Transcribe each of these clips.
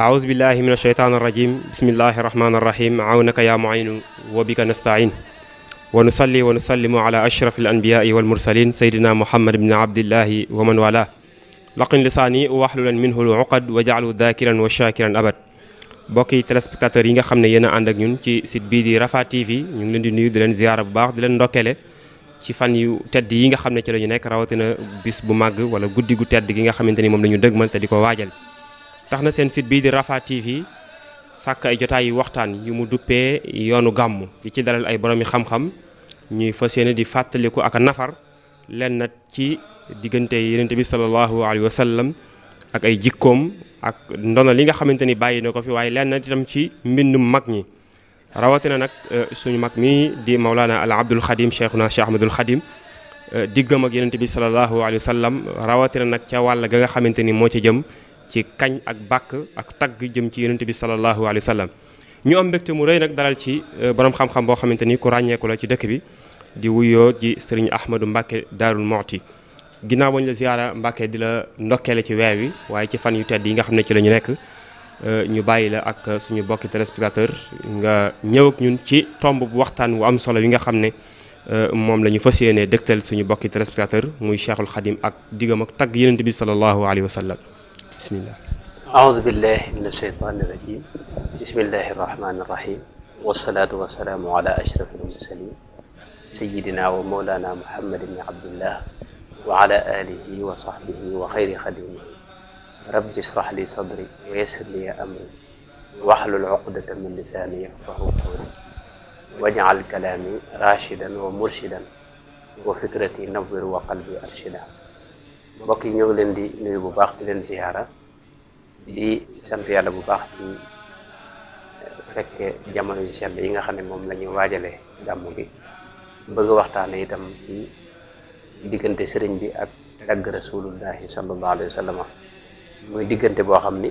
أعوذ بالله من الشيطان الرجيم بسم الله الرحمن الرحيم عونك يا معين وبك نستعين ونصلي ونسلم على أشرف الأنبياء والمرسلين سيدنا محمد بن عبد الله ومن والاه لقن لساني واحلل منه العقد وجعل ذاكرا وشاكرا أبد بوكي téléspectateurs yi nga xam ne yéen a ànd ak ñun ci site bii di Rafah TV ñu ngi leen di nuyu ci fan yu tedd yi nga xam ne ci la ñu nekk rawatina bis bu màgg wala guddi gu tedd gi nga xamante ni moom la ñu dëgmal te di ko waajal. tax na seen site bii di Rafah TV sàkk ay jotaay yu waxtaan yu mu duppee yoonu gàmm di ci dalal ay boromi xam-xam ñuy fa yéene di fàttaliku ak a nafar lenn nat ci diggante Yonent bi sallallahu alayhi wa sallam ak ay jikkoom ak ndono li nga xamante ni bàyyi na ko fi waaye len nat itam ci mbindum mag ñi. na nak suñu mak mi di Maulana al Abdul khadim Cheikhuna Cheikh Ahmadul khadim diggam ak yenen tibi sallallahu alayhi wasallam rawati na nak ci wàll ga nga xamanteni mo ci jëm ci kagn ak bak ak tag jëm ci yenen tibi sallallahu alayhi wasallam ñu am mbégte mu reuy nak dalal ci borom xam-xam bo xamanteni ku ràññeeku la ci dëkk bi di wuyo ci serigne Ahmadou mbake darul mu'ti ginaaw ba la ziyaara mbake di la ndokkel ci wéwi waye ci fan yu tedd yi nga xamné ci lañu nekk ñu bàyyi la ak suñu bokki téléspectateur nga ñëw ak ñun ci tomb bu waxtaan wu am solo yi nga xam ne moom la ñu fas dëgtal suñu bokki téléspectateur muy cheikhul xadim ak digam ak tag yenent bi salallahu alayhi wa sallam bismillah أعوذ بالله من الشيطان الرجيم بسم الله الرحمن الرحيم والصلاة والسلام على أشرف المرسلين سيدنا ومولانا محمد بن عبد الله وعلى آله وصحبه وخير خدمه ربي اشرح لي صدري ويسر لي امري واحلل عقدة من لساني يفقه قولي واجعل كلامي راشدا ومرشدا وفكرتي نور وقلبي ارشدا بكي نيو دي نيو بو باخ زياره دي سنت يالا بو فك جامانو جي سيل ييغا خاني موم لا نيو واجالي دامو بي بغا واختاني تام تي ديغنتي سيرن بي اك تاغ رسول الله صلى الله عليه وسلم muy digënté bo xamni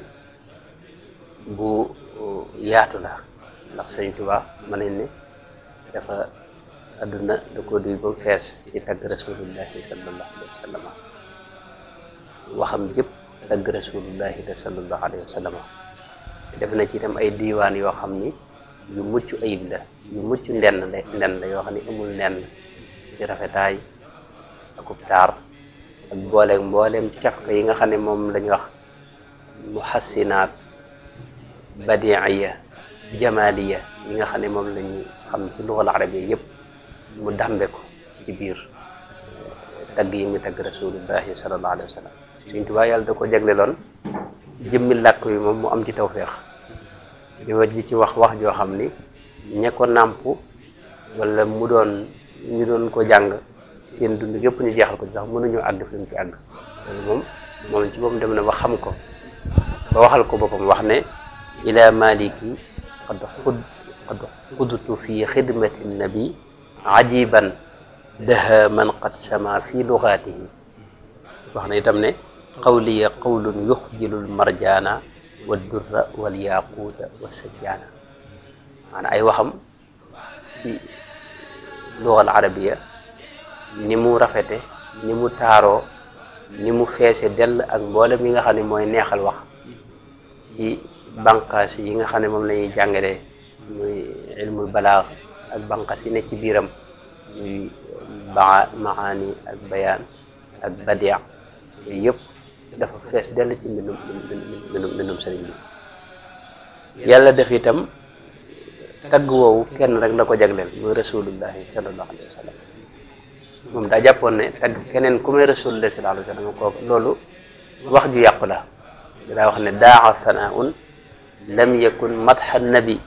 bu uh, yaatu la ndax sëñ tuba mané né dafa aduna da ko duy bu fess ci tag rasulullah sallallahu alaihi wasallam waxam jëp tag rasulullah sallallahu alaihi wasallam def na ci tam ay diwan yo xamni yu muccu ayib la yu muccu ndenn la ndenn la yo xamni amul ndenn ci rafetaay akub taar ak boleh mbooleem cafka yi nga xamni mom lañ wax muhassinat badiiya jamaliya yi nga xamne mom lañu xam ci lugal arabiya yeb mu dambe ko ci bir euh, tag yi mu tag rasulullah sallallahu alaihi wasallam sallam suñ tubaa yàlla da ko jagleloon jëmmi lakk yi mom mu am ci tawfiq di wa di ci wax wax jo xamni ni ñe ko wala mu doon ñu doon ko jang seen dund yëpp ñu jéxal ko sax ñu fi ñu ci mom ci dem na ba xam ko ba waxal ko boppam wax ne ila maliki qad xud qad xudtu fi xidmati nabi ajiban daha man qad sama fi lugatihi wax na itam ne qawliya qawlun yuxjilu lmarjaana waddurra walyaquuta wassajjaana maanaam ay waxam ci lugal arabiya ni mu rafete ni mu taaroo ni mu feese dell ak mboolem yi nga xam ne mooy neexal wax ci banqaas yi nga xam ne moom lañuy ñuy jàngale muy ilmul balaax ak banqaas yi ne ci biiram muy baa maani ak bayaan ak badia yépp yëpp dafa fees dell ci mbindum mbindum mbindum sëriñ bi yàlla def itam tagg woowu kenn rek la ko jagleel muy rasulullahi sallallahu alayhi wa moom daa jàppoon ne tagg keneen ku may rasul sallallahu alayhi wa wax ju yàqu la داع ثناء لم يكن مدح النبي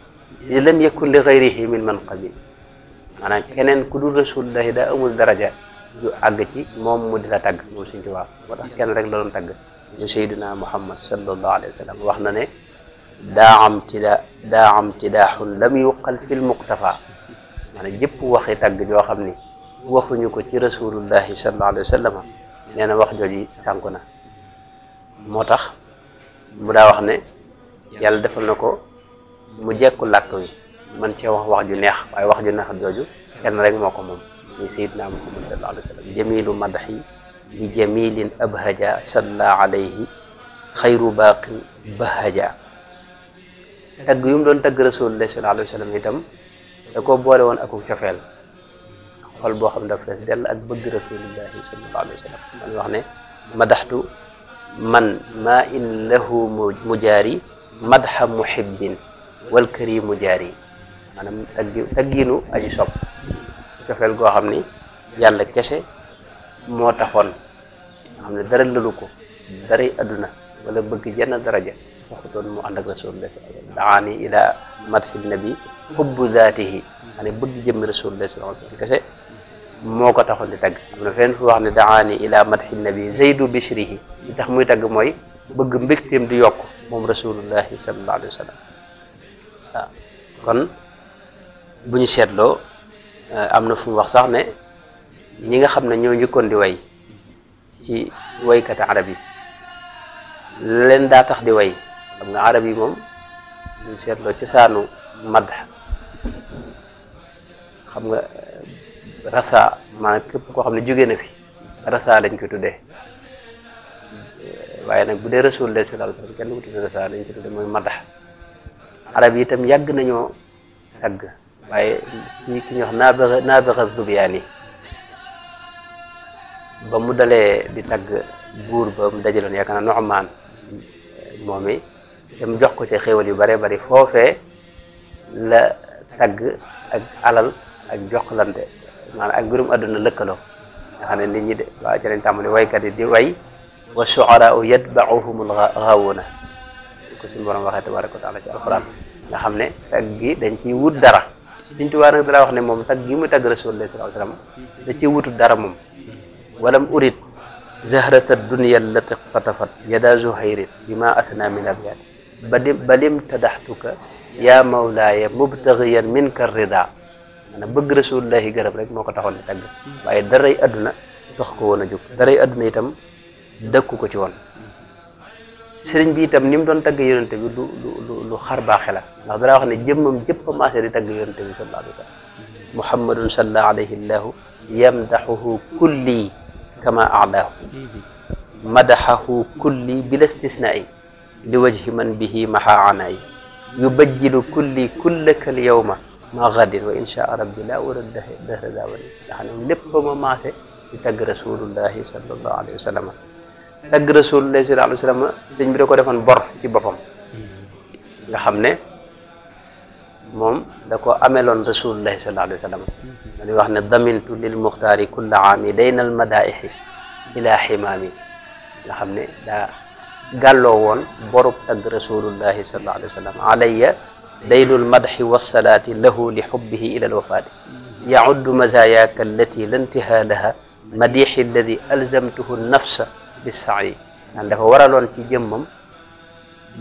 لم يكن لغيره من من قبل انا كنن كدو رسول الله دا امول درجه جو اغتي موم مود لا تاغ مو سنج وا وتاخ كن رك لون تاغ سيدنا محمد صلى الله عليه وسلم وخنا ني داع امتداء داع امتداء لم يقل في المقتفى انا جيب واخي تاغ جو خامني waxu ñuko ci rasulullah sallallahu alayhi wasallam neena wax joji sankuna motax mu daa wax ne yàlla defal na ko mu jekku làkk wi man cee wax wax ju neex waaye wax ju neex jooju kenn rek moo ko moom muy sayidna muhammad sallallahu alayhi wa sallam jamilu madaxi li jamilin abhaja salla alayhi xayru baaqin bahaja tagg yu mu doon tagg rasulullah sallallahu alayhi wa sallam itam da koo boole woon akuk cofeel xol boo xam ne dafa fees dell ak bëgg rasulillahi sallallahu alayhi wa sallam madaxtu man maa in lahu mujaari madha muhibbin wal karimu jaari maanaam taggi taggiinu aji sopp cofeel goo xam ni yàlla kese moo taxoon nga xam ne dara lalu ko daray adduna wala bëgg jenn daraja taxutoon mu ànd ak rasulullah sallallahu alayhi wa sallam daani ila madhi nabi hubbu zaatihi maanaam bëgg jëmmi rasulullah sallallahu alayhi wa sallam kese moo ko taxoon di tagg am na fenn fu wax ne daani ila madhi nabi zaydu bishrihi li tax muy tagg mooy bëgg mbégteem di yokk moom rasulullahi sallallahu alayhi wa sallam kon bu ñu seetloo eh, am na fu wax sax ne ñi nga xam ne ñoo njëkkoon di way ci waykati arab yi leen daa tax di way xam nga arab yi moom bu ñu seetloo ci saanu madh xam nga rasa maanaam képp koo xam ne jóge na fi rasa lañ koy tuddee eh, waaye nag bu dee rasul la sallallahu alayhi mooy madax arab yi itam yàgg nañoo tagg waaye wax naabaxa naabaxa zubiyaan yi ba mu dalee di tagg buur ba mu dajaloon yaakaar naa Nu'maan eh, moom i dem jox ko ci xéwal yu bare bari foofee la tagg ak alal ak joxlante maanaam ak mbirum adduna lëkkaloo nga xam ne nit ñi de waaw ci lañ tàmbali waykat yi di way wa shu'araa'u yatba'uhumul ghaawuuna ko suñu borom waxee tabaraka wa taala ci alquran nga xam ne tag gi dañ ciy wut dara suñ tubaa nag dalaa wax ne moom tag gi mu tagg rasulullah sallallahu alayhi wasallam da ciy wutut dara moom walam urid zahrata dunya allati qatafat yada zuhairin bima athna min abyad balim tadaxtuka ya mawlaaya mubtagiyan minka rida na bëgg rasulullahi garab rek moo ko taxoon di tàgg waaye daray àdduna dox ko woon a jóg daray àdduna itam dëkku ko ci woon sëriñ bi itam ni mu doon tagg yonente bi lu lu lu xar baaxe la ndax danaa wax ne jëmmam jëpp a maase di tagg yonente bi sallallahu alayhi wa sallam muhammadun salla alayhi llahu yamdaxuhu kulli kama alaahu madaxahu kulli bila istisnaa'i li wajhi man bihi maha anaayi yubajjilu kulli kullaka al yawma maa xadin wa insha rabbi laa waral dexe dexra daa wari nga xam ne lépp ba ma maase di tagg rasulullahi sallallahu alayhi wa sallam tagg rasulullahi sallallahu alayhi wa sallam sëñ bi da ko defoon bor ci boppam mm-hmm. nga xam ne moom da ko ameloon rasulullahi sallallahu alayhi wa sallam mm-hmm. dañuy wax ne damintu lil muxtaari kulla aami dayna al madaixi ila ximaami nga xam ne daa gàlloo woon borub tagg rasulullahi sallallahu alayhi wa sallam alayya ليل المدح والصلاة له لحبه إلى الوفاة يعد مزاياك التي لا انتهى لها مديح الذي ألزمته النفس بالسعي عند هو ورا لون تجمم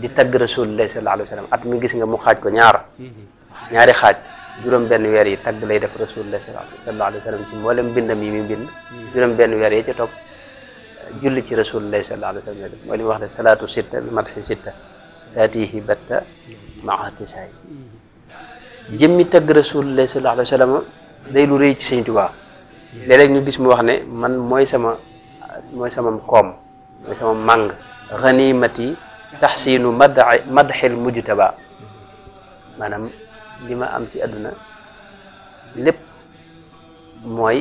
دي تج رسول الله صلى الله عليه وسلم أتمي جس نعم خاد كنيارة نيارة خاد جرم بين ويري تج لي رسول الله صلى الله عليه وسلم جم ولم بين نمي مين بين جرم بين ويري جتوب جل تي رسول الله صلى الله عليه وسلم ولي واحد سلاط ستة مدح ستة تاتيه بتة maa tisaay jëmmi tagg rasulullah sallallahu alayhi wa sallam lu rëy ci sëñ Tuubaa léeg ñu gis mu wax ne man mooy sama mooy sama koom mooy sama màng ganimati taxsinu mad madxil mujtaba maanaam li ma am ci àdduna lépp mooy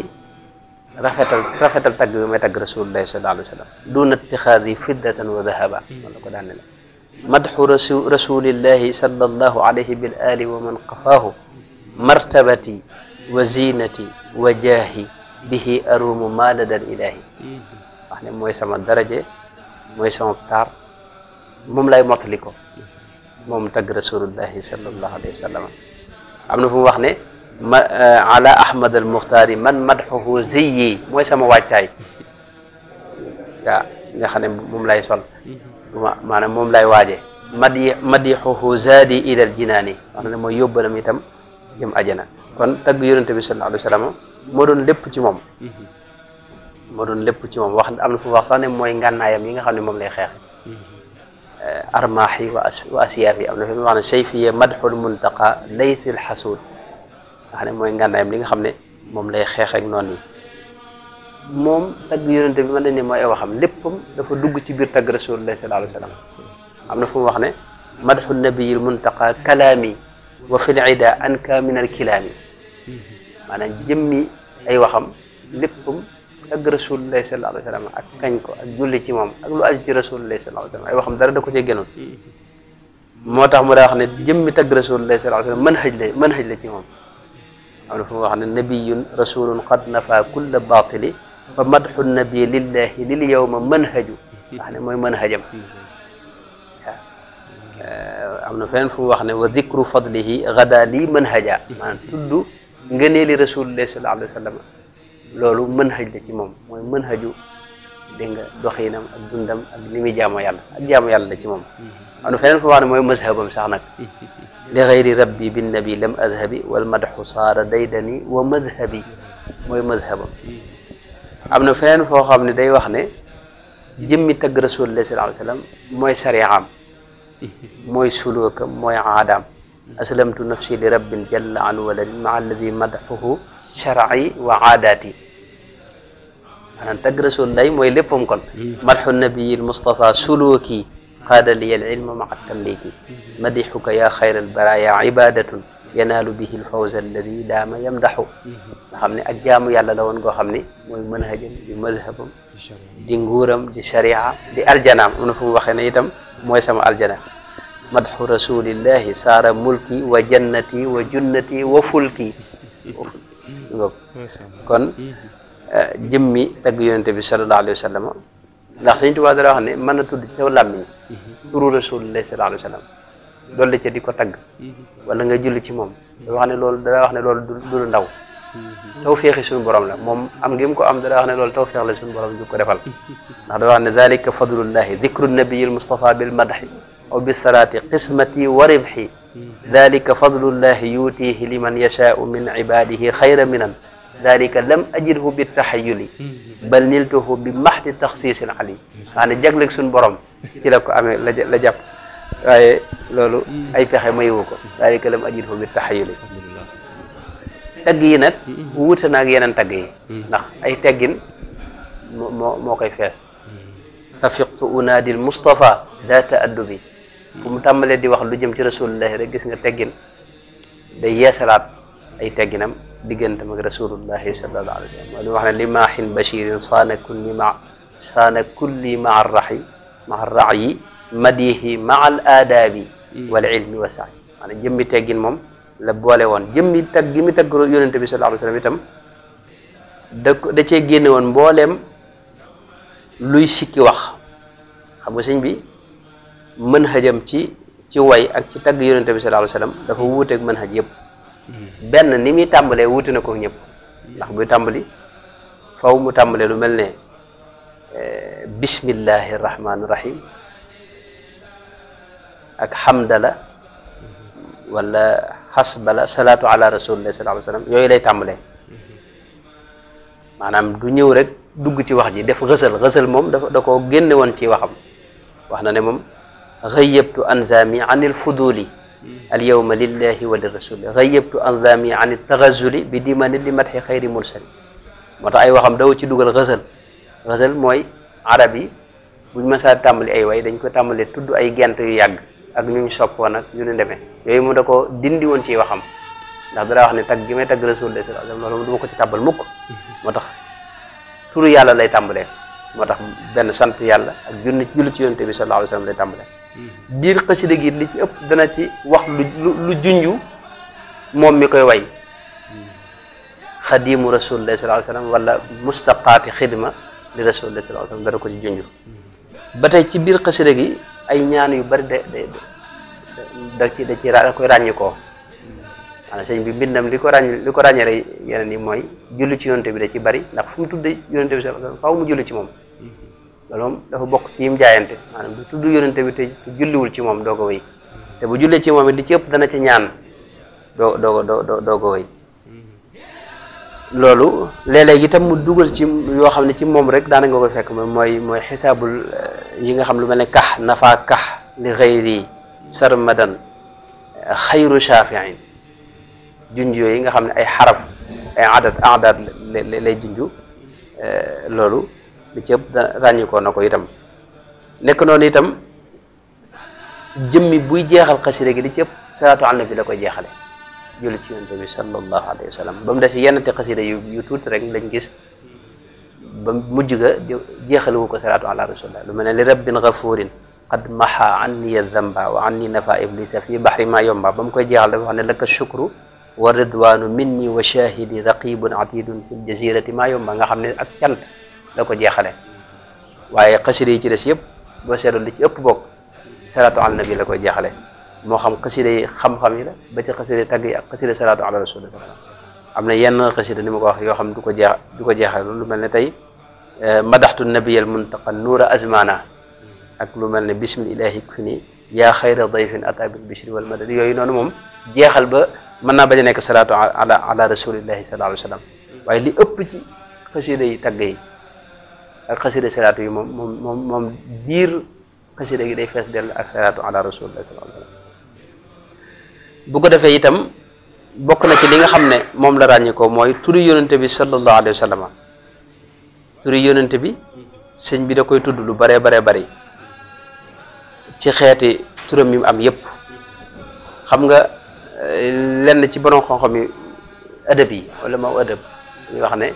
rafetal rafetal tagg bi may tagg rasulullah sallallahu alayhi wa sallam duna itixaadi fiddatan wa dahaba man hmm. la ko daan ne la مدح رسول الله صلى الله عليه بالآل ومن قفاه مرتبتي وزينتي وجاهي به أروم ما لدى الإله أحنا يعني موي من درجة موي من بتار موم لاي مطلقو موم تق رسول الله صلى الله عليه وسلم عمنا فهم وحنا آه، على أحمد المختار من مدحه زيي موي سما واجتاي يا نخاني موم لاي maanaam moom lay waaje madi madixuhu zaadi ilal jinaani wax na mooy yóbbalam itam jëm ajana kon tagg yonente bi sallallahu alayhi wa sallam moo doon lépp ci moom mm-hmm. moo doon lépp ci moom wax am na fu wax sax ne mooy ngànnaayam yi nga xam ne moom lay xeex mm-hmm. eh, armaax yi wa asiyaaf yi am na fi wax ne sayfiya madxul muntaqa laythil xasuud nga xam ne mooy ngànnaayam li nga xam ne moom lay xeex ak noonu yi mom tag yonent bi mën dañ ne moy ay waxam léppam dafa dugg ci biir tagg rasulullah sallallahu alayhi wasallam amna fu wax ne madxu nabiyil muntaqa kalami wa fil ida anka min al kilaami maanaam jemi ay waxam léppam tagg rasulullah sallallahu alayhi wasallam ak kagn ko ak julli ci mom ak lu aju ci rasulullah sallallahu alayhi wasallam ay waxam dara da ko ci gënal motax mu daa wax ne jëmmi tagg rasulullah sallallahu alayhi wasallam manhaj lay manhaj la ci mom amna fu wax ne nabiyun rasulun qad nafa kull baatili فمدح النبي لله لليوم منهج يعني موي منهجم آه، امنا فين فو واخني وذكر فضله غدا لي منهجا ما تود غنيلي رسول الله صلى الله عليه وسلم لولو منهج دتي موم موي منهج ديغا دوخينم اك دوندم اك نيمي جامو يالا اك جامو يالا دتي موم امنا فين فو واخني موي مذهبم صاح لغير ربي بالنبي لم اذهب والمدح صار ديدني ومذهبي موي مذهبم am na fenn foo xam ne day wax ne jëmmi tagg rasulullah sallallahu alayhi wa sallam mooy sariyaam mooy suluukam mooy aadaam aslamtu nafsi li rabbin jalla an waladin maa alladi madaxuhu sharci wa aadaati maanaam tagg rasulullah mooy léppam kon madxu nabiyi almustafa suluuki qaada liya alilma maa tamliki madixuka yaa xayra albaraya ibadatun yanaalu bihi lfawza alladi daama yamdaxu nga ne ak jaamu yàlla la woon goo xam ne mooy manhajam di mazhabam di nguuram di sharia di aljanaam am na fu mu waxee itam mooy sama aljana madxu rasulillahi saara mulki wa jannati wa junnati wa fulki kon eh, jëmmi tagg yonente bi sallallahu alayhi wa sallam ndax Sëñ Tuubaa dara wax ne mën mhm. turu rasulillahi sallallahu alayhi wa dolli ci diko tag wala nga julli ci mom da wax ne lolou da wax ne lolou du ndaw taw feexi suñu borom la mom am ngeem ko am da wax ne lolou taw la suñu borom juk ko defal ndax da wax ne dalika fadlullahi dicru nabiyi lmustapha bilmadxi aw salati qismati wa ribhi ذلك فضل الله يؤتيه لمن يشاء من عباده minan dalika ذلك لم bi بالتحيل بل نلته بمحض التخصيص العلي ali xaa ne jagleeg suñu borom ci la ko amee waaye loolu hmm. ay pexe mayewu ko daalika lam ajid bi taxayuli tagg yi nag hmm, hmm. wuute naag yeneen tagg ay teggin moo moo koy fees tafiqtu unaadil Mustafa daa taaddubi fu mu tàmbalee di wax lu jëm ci rasulullahi rek gis nga teggin day yeesalaat ay tegginam diggantam ak rasulullahi sallallahu alayhi wa sallam li wax ne li bashirin saana kulli ma saana kulli raxi madihi ma al aadaabi wal ilmi wa saay maanaam jëmmi teggin moom la boole woon jëmmi tag gi mi tagg yonent bi sallallahu alayhi wa sallam itam da da cee génne woon mbooleem luy sikki wax xam nga sëñ bi mën xajam ci ci way ak ci tagg yonent bi sallallahu alayhi wa sallam dafa wuuteeg mën xaj yëpp benn ni muy tàmbalee wuute na ko ñëpp ndax buy tàmbali faw mu tàmbalee lu mel ne bismillahi rahmaani rahim ak xamdala wala xasbala salaatu ala rasulillah sallallahu alayhi wa sallam yooyu lay tàmbalee maanaam du ñëw rek dugg ci wax ji def xësal xësal moom dafa da koo génne woon ci waxam wax na ne moom xëyyabtu anzami an il fuduli al yowma lillahi wa li rasuli xëyyabtu anzami an il taxazuli bi dimani li matxi xayri mursali moo tax ay waxam daw ci dugal xësal xësal mooy arab yi buñ mësaa tàmbali ay way dañ ko tàmbalee tudd ay gent yu yàgg ak ñu ñu sopp woon ak ñu ñu demee yooyu mu da ko dindi woon ci waxam ndax dara wax ne tag gi may tagg rasulullah sallallahu alayhi wasallam loolu duma ko ci tàbbal mukk moo tax turu yàlla lay tàmbalee moo tax benn sant yàlla ak junni julli ci yonte bi sallallahu alayhi wasallam lay tàmbalee biir xasida gi li ci ëpp dana ci wax lu lu junju moom mi koy way xadimu rasulullah sallallahu alayhi wasallam wala mustaqaati xidma li rasulullah sallallahu alayhi wasallam dana ko ci junju ba tey ci biir xasida gi ay ñaan yu bari da ci da ci da koy ràññi koo maanaam sëñ bi mbindam li ko ràññ li ko ràññale yeneen yi mooy julli ci yonte bi da ci bari ndax fu tudd tuddee yonte bi sallallahu alayhi mu julli ci moom loolu moom dafa bokk ci yim jaayante maanaam tudd yonte bi te julliwul ci moom doo te bu jullee ci moom it di ci ëpp dana ci ñaan doo doo doo loolu léeg-léeg mu dugal ci yoo xam ne ci moom rek daana nga koy fekk mooy mooy xisaabul eh, yi nga xam lu ma ne kax nafa kax li xëyri sarmadan xayru shafiin junj yooyu nga xam ne ay xaraf ay adat adat lay junju eh, loolu li ci ëpp na ko itam nekk noonu itam jëmmi buy jeexal xasida gi li ci ëpp salaatu koy jeexale julli ci yonent bi sallallahu alayhi wa sallam ba mu des yenn te xasida yu tuuti rek lañ gis ba mujj ga jeexalewu ko salaatu ala rasulillah lu mel ne li rabbin gafurin qad maha anniya dhanba wa anni nafa iblisa fi bahri ma yomba ba mu koy jeexal dafa wax ne laka shukru wa ridwanu minni wa shahidi raqibun atidun fil jazirati ma yomba nga xam ne ak cant la ko jeexale waaye xasida yi ci des yëpp boo seetlu lu ci ëpp bokk salaatu ala nabi la koy jeexale moo xam xasida yi xam-xam yi la ba ci xasida tagg yi ak xasida salaatu ala rasul am na yenn xasida ni ma ko wax yoo xam du ko jeex du ko jeexal lu mel ne tey eh, madaxtu nabiyal muntaqa nuura azmana ak lu mel ne bismil ilahi ku ni yaa xayra dayfin ata bil bishri wal madad yooyu noonu moom jeexal ba mën naa bañ a nekk salaatu ala ala rasulillahi sallallahu alayhi wa sallam waaye li ëpp ci xasida yi tagg yi ak xasida salaatu yi moom moom moom moom biir xasida gi day fees dell ak salaatu ala rasulillahi sallallahu alayhi wa sallam bu ko defee itam bokk na ci li nga xam ne moom la ràññee ko mooy turi yonante bi sallallahu alayhi wa sallam turi yonente bi sëñ bi da koy tudd lu baree baree bari ci xeeti turam yi am yépp xam nga eh, lenn ci borom xam-xam yi adab yi wala ma adab wax ne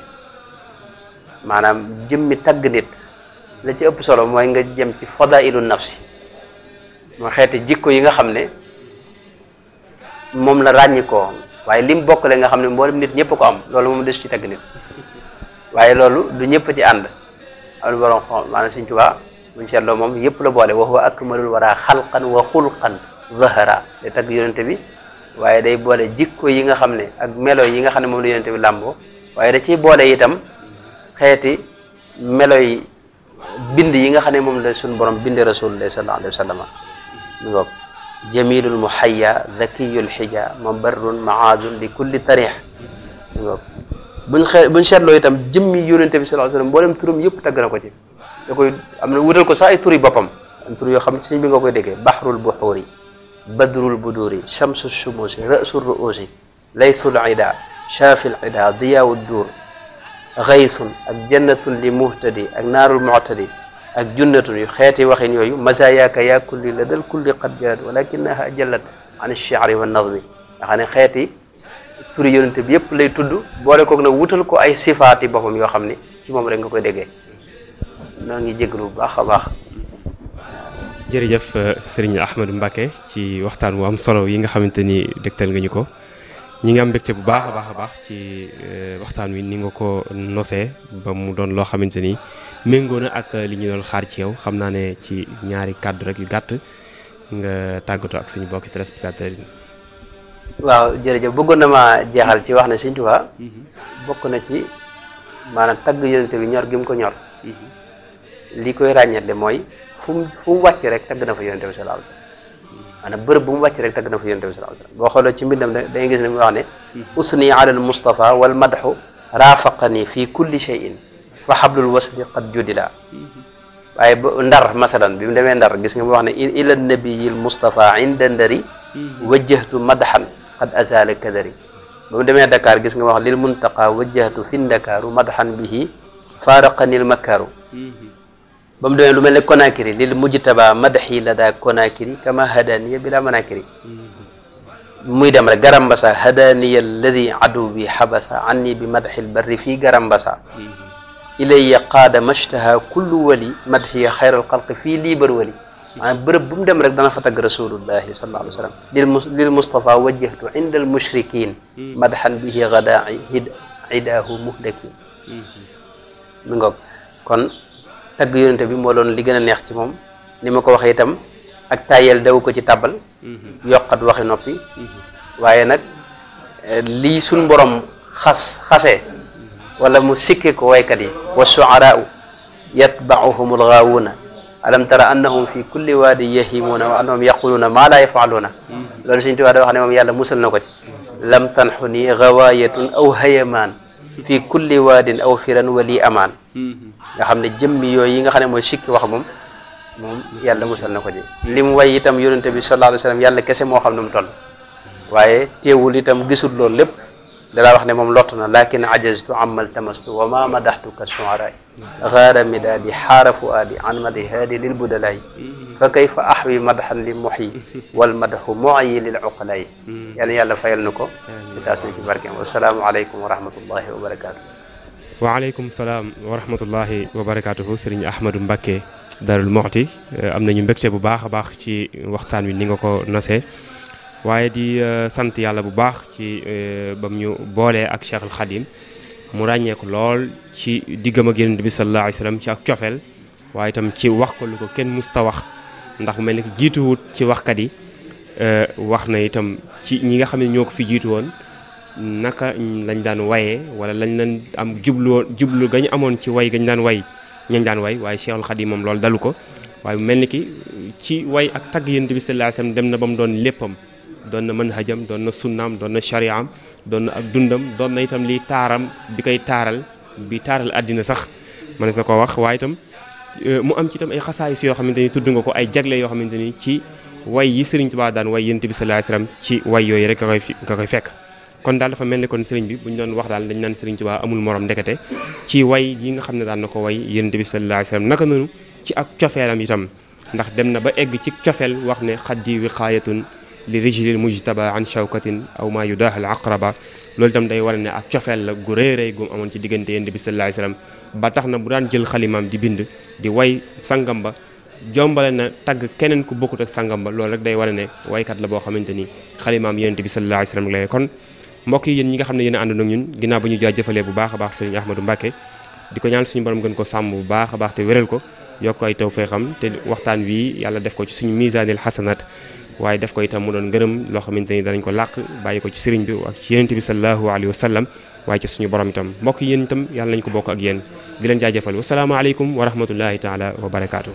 maanaam jëmmi tagg nit la ci ëpp solo mooy nga jëm ci fadailu nafsi mooy xeeti jikko yi nga xam ne moom la ràññikoo waaye lim bokkale nga xam ne mboolem nit ñëpp ko am loolu moom des ci tagg nit waaye loolu du ñëpp ci ànd am borom xam maanaam Sëriñ Tuubaa moom yëpp la boole wa huwa akmalul wara xalqan wa xulqan zahara day tagg bi waaye day boole jikko yi nga xam ne ak melo yi nga xam ne moom la yonente bi làmboo waaye da ciy boole itam xeeti melo yi bind yi nga xam ne moom la suñu borom binde rasulullah sallallahu alayhi wa sallam جميل المحيا ذكي الحجا منبر معاد لكل طريح بن شر لو يتم جمي يونت صلى الله عليه وسلم بولم تروم ييب تاغنا كو تي داكوي امنا وودال كو سا اي توري بحر البحور بدر البدور شمس الشموس راس الرؤوس ليث العدا شاف العدا ضياء الدور غيث الجنة المهتدي النار المعتدي ak junnatun yu xeeti waxin yooyu masayaka yaa kulli la dal kulli qad jarat walakinaha jallat an ash-shi'ri wa nazmi nga xam ne xeeti turi yonent bi yëpp lay tudd boole koog nag wutal ko ay sifaati boppam yoo xam ne ci moom rek nga koy déggee noo ngi jéglu bu baax a baax jërëjëf sëriñ Ahmadou mbake ci waxtaan wu am solo yi nga xamante ni dégtal nga ñu ko ñi ngi am mbégte bu baax a baax a baax ci euh, waxtaan wi ni nga ko nosee ba mu doon loo xamante ni méngoon ak li ñu doon xaar ci yow xam naa ne ci ñaari kàddu rek yu gàtt nga tàggatoo ak suñu bokki téléspectateurs yi. waaw jërëjëf bëggoon na maa jeexal ci wax ne Sëñ mhm. bokk na ci maanaam tagg yonente bi ñor gi mu ko ñor. Mhm. li koy ràññeetle mooy fu mu fu mu wàcc rek tagg na fa yonente bi sallallahu alayhi انا برب مو باكر رك في يونس بن الله بوخلو تي ميل دا نغيس ني على المصطفى والمدح رافقني في كل شيء فحبل الوسد قد جدلا اي ندر مثلا بيم دمي ندر غيس ني الى النبي المصطفى عند ندري وجهت مدحا قد ازال كذري بيم دمي دكار غيس ني للمنتقى وجهت في الدكار مدحا به فارقني المكر bam doon lu melni konakiri Conakry lil mujtaba madhi la daa Conakry kama hadaniya bila manakiri muy dem rek garam basa hadaniya alladhi adu bi habasa anni bi madhi albarri fi garam basa ilayya qada mashtaha kullu wali madhi khair alqalq fi li bar wali man beurep bum dem rek dana fa tagg rasulullahi sallallahu alaihi wasallam lil lil mustafa wajjahtu inda almushrikin madhan bihi ghada'i hidahu muhdaki muhlakin mi ngoog kon tagg yonente bi moo doon li gën a neex ci moom ni ma ko waxee tam ak tayel daw ko ci tàbbal mm-hmm. yokkat waxi noppi waaye nag eh, lii suñ borom xas xasee wala mu sikke ko waykat yi wa shuaraau yatbacuhum algaawuuna alam tara annahum fi kulli waadi yahimuuna wa annahum yaquluuna maa laa yafaluuna mm-hmm. loolu suñ tuwaa da wax moom yàlla musal na ko ci lam tanxu ni gawaayatun aw hayamaan fii kulli waadin aw firan wali amaan mm-hmm. nga xam ne jëmmi yooyu yi nga xam ne mooy sikki wax moom moom yàlla musal na ko ji li mu way itam yonente bi sallallahu alayhi wa sallam yàlla kese moo xam ne mu toll waaye teewul itam gisul loolu lépp dalaa wax ne moom lott na lakin ajaztu amal tamastu wa ma madaxtuka shu'ara غار مدادي حار فؤادي عن مدهادي للبدلاي فكيف أحوي مدحا للمحي والمدح معي للعقلاي يعني يلا فايل نكو تاسني والسلام عليكم ورحمة الله وبركاته وعليكم السلام ورحمة الله وبركاته سرين أحمد مبكي دار moxti آه، امنا ني مبكتي بو باخ باخ baax وقتان وي wi كو nga ko دي سانت يالا بو باخ bu بام ني bam اك شيخ الخديم mu ràññeeku lool ci diggam ak Yonent bi sallallahu alayhi ci ak cofeel waaye itam ci wax ko lu ko kenn musta wax ndax mel ni jiituwut ci waxkat yi euh, wax na itam ci ñi nga xam ne ñoo ko fi jiitu woon naka lañ daan wayee wala lañ leen am jublu jublu gañu amoon ci way gañ daan way ñañ daan way waaye Cheikhul Khadim moom loolu dalu ko waaye mel ni ki ci way ak tagg Yonent bi sallallahu alayhi dem na ba mu doon léppam doon na manhajam doon na sunnaam doon na shariaam doon na ak dundam doon na itam lii taaram bi koy taaral bi taaral àddina sax mënees na ko wax waaye itam mu am ci itam ay xasaayis yoo xamante ni tudd nga ko ay jagle yoo xamante ni ci way yi sëriñ Tuubaa daan way yonent bi sallallaahu alayhi wa sallam ci way yooyu rek nga koy nga koy fekk kon daal dafa mel ni kon sëriñ bi bu ñu doon wax daal dañ naan sëriñ Tuubaa amul morom ndekete ci way yi nga xam ne daan na ko way yonent bi sallallaahu alayhi wa sallam naka noonu ci ak cofeelam itam ndax dem na ba egg ci cofeel wax ne xaddi wiqaayatun لرجل المجتبى عن شوكة أو ما يداه العقربة لول تام داي ورني اك تيوفال غوري ري غوم امون سي ديغنتي صلى الله عليه وسلم با تخنا بودان جيل خليمام دي بيند دي واي سانغام با جومبالنا تاغ كينن كو بوكوت سانغام با لول رك داي ورني واي كات لا بو خامتيني خليمام يندي صلى الله عليه وسلم لاي كون موك يين نيغا خامني يين اندو نك نين غينا با جا جيفالي بو باخ باخ سيرن احمد مباكي ديكو نيال سيني بروم غن سام بو باخ باخ تي ويرل كو يوكاي وقتان وي يالا ديف كو ميزان الحسنات waaye def ko itam mu doon ngërëm loo xamante ni danañ ko làq bàyyi ko ci sëriñ bi ak ci yonent bi sallallahu alayhi wa sallam waaye ci suñu borom itam mbokk yéen itam yàlla nañ ko bokk ak yéen di leen jaajëfal wasalaamaaleykum wa rahmatullahi taala wa barakaatu.